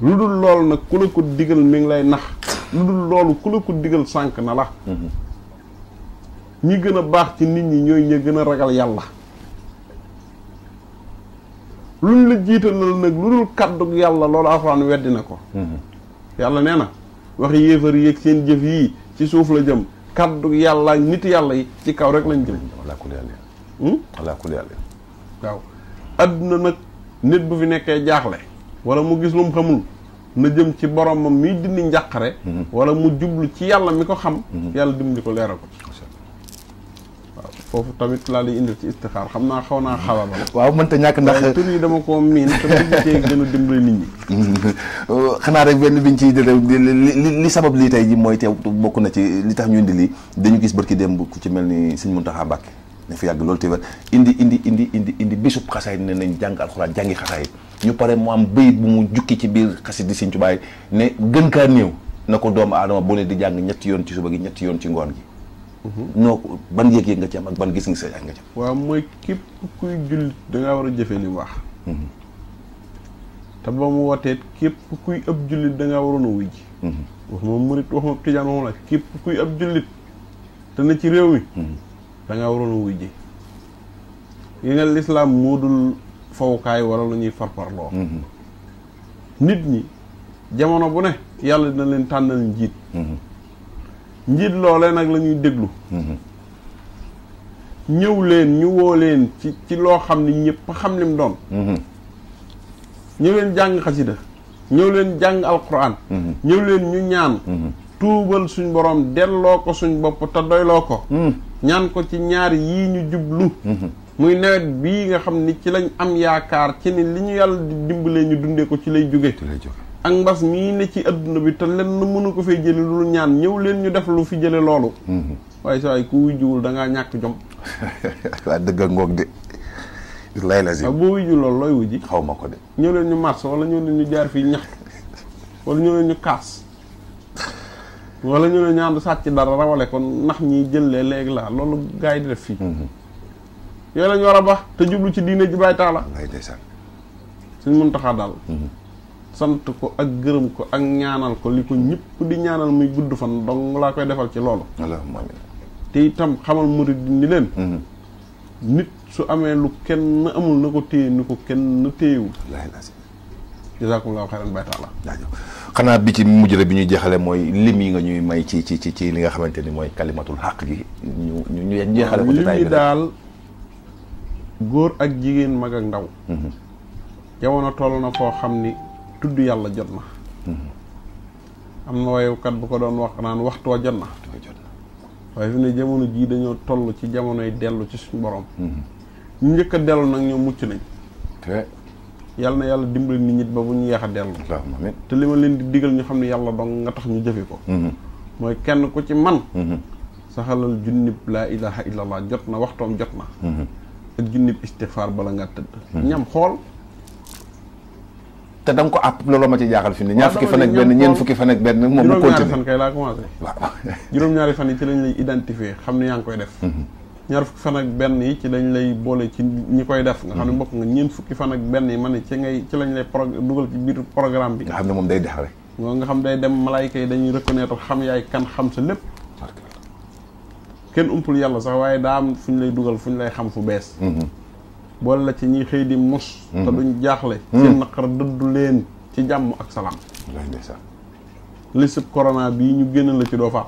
lu dul loolu nag ku la ko digal mi ngi lay nax lu dul loolu ku la ko digal sànq na la mhm. ñi gën a baax ci nit ñi ñooy ña gën a ragal yàlla luñ la jiitalal nag lu dul kàddug yàlla loolu alxuraan weddi na ko yàlla nee na waxi yéefar yeeg seen jëf yi ci suuf la jëm kaddu yàlla nit yàlla yi ci kaw rek lañ jëm. allah kulli yàlla. Hmm? allah kulli waaw adduna nag nit bu fi nekkee jaaxle. wala mu gis lu mu xamul na jëm ci boromam miy dindi njàqare. Hmm. wala mu jublu ci yàlla mi ko xam. Hmm. yàlla dimbali ko leeral ko. foofu tamit laa lay indil ci istixaar xam naa xaw naa xalaba waaw mënta ñàkk ndax tur yi dama koo miin te ma xanaa rek benn biñ ci dëre li li sabab lii tey ji mooy teew bokk na ci li tax ñu indi lii dañu gis barki démb ku ci mel ni sëñ Muntaxa Mbàkke na fi yàgg loolu te wér indi indi indi indi indi bisub xasaay ne nañ jàng alxuraan jàngi xasaay ñu pare mu am bayit bu mu jukki ci biir xasit di sëñ Tuubaa ne gën kaa néew na ko doomu aadama bu ne di jàng ñetti yoon ci suba gi ñetti yoon ci ngoon gi noo ko ban yëg-yëg nga ci am ak ban gis nga sa ak nga ci am. waaw mooy képp kuy jullit da ngaa war a jëfe li mu wax. Mhm. te ba mu wootee képp kuy ab jullit a wuy ji. Mhm. waxuma murit waxuma la képp kuy ab jullit te ci réew mi. Mhm. da ngaa waroon a wuy ji. yi lislaam moo dul fawukaay wala lu ñuy farparloo. nit ñi jamono bu ne yàlla dina leen tànnal njiit. njiit loolee nag la ñuy déglu ñëw leen ñu woo leen ci ci loo xam ni ñëpp xam lim doon mhm. ñëw leen jàng xasida ñëw leen jàng alquran mhm. ñëw leen ñu ñaan mhm. tuubal suñu borom delloo ko suñu bopp te doyloo ko ñaan ko ci ñaar yi ñu jublu muy nawet bii nga xam ni ci lañ am yaakaar ci ni li ñu yàlla di dimbalee ñu dundee ko ci lay jóge ak mbas mii ne ci adduna bi te lenn mënu ko fee jële lu ñaan ñëw leen ñu def lu fi jële loolu mhm. waaye saa yi ku wujjuwul da ngaa ñàkk jom waa dëgg ak ngoog de lay la si waaw boo wujju loolu looy wujji xaw ma ko de ñëw leen ñu marché wala ñëw leen ñu jaar fii ñaxtu wala ñëw leen ñu kaas wala ñu ne ñaan sàcc dara rawale kon nax ñi jëlee léegi laa loolu gars di def fii. Mhm. yooyu lañ war a baax te jublu ci diine ji bàyyi taala. suñ mun taxaa daal. Mhm. sant ko ak gërëm ko ak ñaanal ko li ko ñëpp di ñaanal muy gudd fan dong laa koy defal ci loolu te itam xamal murid ni leen mm-hmm. nit su amee lu kenn amul na ko téye ni ko kenn téyewu jazakumullahu xayran bay taala xanaa bi ci mujj bi ñuy jeexale mooy lim yi nga ñuy may ci ci ci li nga xamante ni mooy kalimatul xaq gi ñu ñu ñu jeexale ko lim yi daal góor ak jigéen mag ak ndaw mm-hmm. jamono toll na foo xam ni tudd yàlla jot na mhm. am na woykat bu ko doon wax naan waxtoo jot na waaye fi ne jamono jii dañoo toll ci jamonoy dellu ci suñu borom mhm. ñu njëkk dellu nag ñoo mucc nañ yàlla na yàlla dimbali nit ñi ba bu ñu yeex a dellu te li ma leen di digal ñu xam ne yàlla dong nga tax ñu jëfe ko mhm. mooy kenn ku ci man saxalal junnib laa ilaha illallah jot na waxtoom jot na ak junnib istighfar bala nga tëdd ñam xool te da ko àpp looloo ma ci jaaxal fi mu ne ñaar fukki fan ak benn ñeent fukki fan ak benn moom mu continué juróom-ñaari fan kay laa commencé waaw juróom-ñaari fan yi ci lañ lay identifier xam ne yaa ngi koy def mhm. ñaar fukki fan ak benn yi ci lañ lay boole ci ñi koy def nga xam ne mhm. bokk nga ñeent fukki fan ak benn yi man ne ci ngay ci lañ lay pro dugal ci biir programme bi nga xam ne moom day dex nga xam day dem malaayka yi dañuy reconnaître xam yaay kan xam sa lépp kenn umpul yàlla sax waaye daa am fu ñu lay dugal fu ñu lay xam fu bees mhm. boole la ci ñi xëy di mus. te mhm. duñ jaaxle. Mhm. seen naqar dëddu leen ci jàmm ak salaam. wallaahi ndeysaan. bii ñu génn la ci doo faax.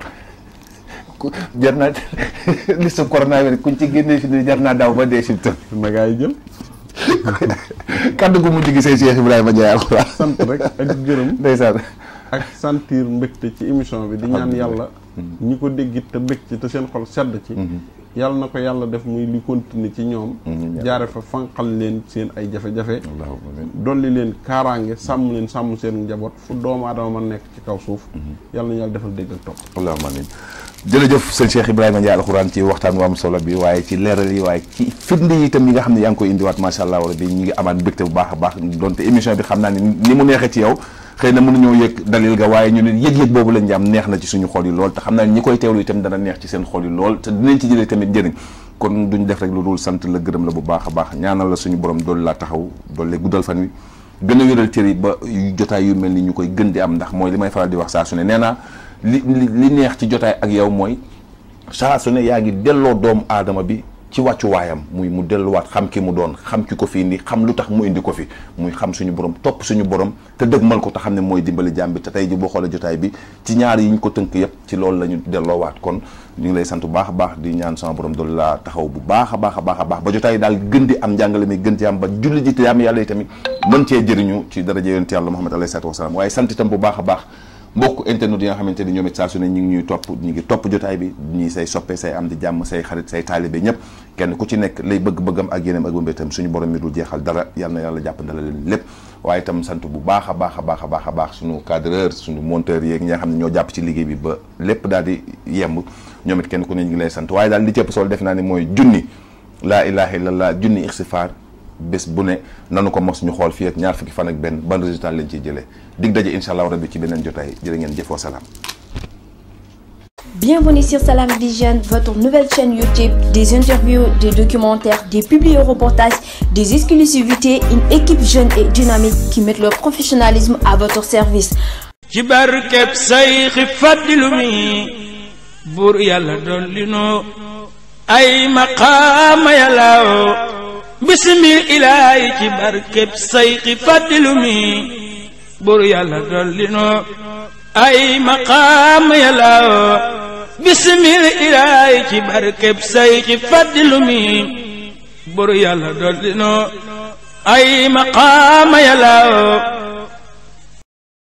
jar naa corona bi kuñ ci génnee fi jar naa daw ba dee si tën. na gaa yi jël. kaddu gu mujj gi say Cheikh Ibrahima Ndiaye sant rek ak gërëm. ndeysaan. ak sentir mbégte ci émission bi di ñaan yàlla mhm. ñi ko déggit te bég ci te seen xol sedd ci yàlla na ko yàlla def muy li continuer ci ñoom jaare fa fanqal leen seen ay jafe-jafe dolli leen kaaraange sàmm leen sàmm seen njaboot fu doom aadama ma nekk ci kaw suuf yàlla na yàlla defal dégg ak topp allahumma amin jërëjëf sëñ Cheikh Ibrahima Ndiaye alxuraan ci waxtaan wu am solo bi waaye ci leeral yi waaye ci firnde yi itam yi nga xam ne yaa ngi koy indiwaat macha allah wala bi ñu ngi amaat mbégte bu baax a baax donte émission bi xam naa ne ni mu neexee ci yow xëy na a mënuñoo yëg dalil ga waaye ñu ne yëg-yëg boobu lañ am neex na ci suñu xol yi lool te xam naa ñi koy teewlu itam dana neex ci seen xol yi lool te dinañ ci jëlee tamit njëriñ kon duñ def rek lu dul sant la gërëm la bu baax a baax ñaanal la suñu borom dool laa taxaw doole guddal fan wi a wéral cër yi ba jotaay yu mel ni ñu koy gën di am ndax mooy li may faral di wax saa su neena li li li neex ci jotaay ak yow mooy saa su ne yaa ngi delloo doomu aadama bi ci wàccuwaayam muy mu delluwaat xam ki mu doon xam ki ko fi indi xam lu tax mu indi ko fi muy xam suñu borom topp suñu borom te mal ko te xam ne mooy dimbali jàmm te tey ji boo xoolee jotaay bi ci ñaar yi ñu ko tënk yëpp ci loolu la ñu delloowaat kon ñu ngi lay sant bu baax a baax di ñaan sama borom doolu laa taxaw bu baax a baax a baax a baax ba jotaay daal gën di am njàngale mi gën ci am ba julli ji te am yàlla yi tamit mën cee jëriñu ci daraja yonent yàlla Muhammad alayhi salaatu wasalaam waaye santitam bu baax a baax mbokk internet yi nga xamante ni ñoom it saa su ne ñu ngi ñuy topp ñu ngi topp jotaay bi ñii say soppe say am di jàmm say xarit say taalibe ñëpp kenn ku ci nekk lay bëgg-bëggam ak yéneem ak bëmbétam suñu borom bi dul jeexal dara yal na yàlla jàpp ndala leen lépp waaye itam sant bu baax a baax a baax a baax a baax suñu cadreur suñu monteur yeeg ñi nga xam ne ñoo jàpp ci liggéey bi ba lépp daal di yemb ñoom it kenn ku ne ñu ngi lay sant waaye daal di cëpp sol ne mooy junni laa ilaha illallah junni ixtifaar bés bu ne nanu ko mos ñu xool fii ak ñaar fukki fan ak benn ban résultat lañ ciy jëlee dig daje incha rabbi ci beneen jotaay jërë ngeen jëfoo salaam. Bienvenue sur Salam Vision, votre nouvelle chaîne YouTube, des interviews, des documentaires, des publi-reportages, des exclusivités, une équipe jeune et dynamique qui met leur professionnalisme à votre service. ci barkeb Sayxi Fadilu mi buur yàlla dolli noo ay maqaama yàlla bismil ilaahi ci barkeb sayxi fàddilu mi bur ay maqaam yàllaw